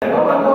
哎。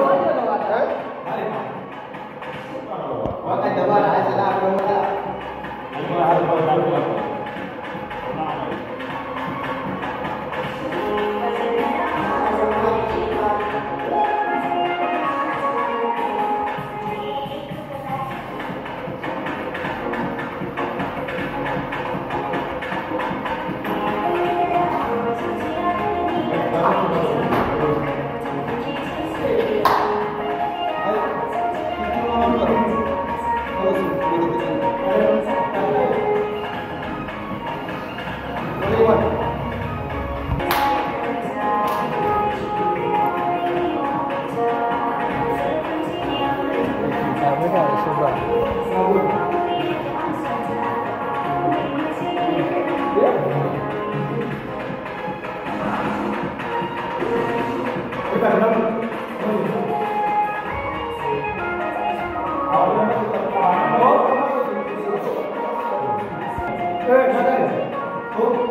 원. 네, 맞아요. 어?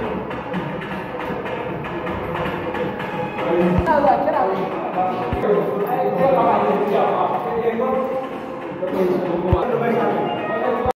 Thank ừ. you.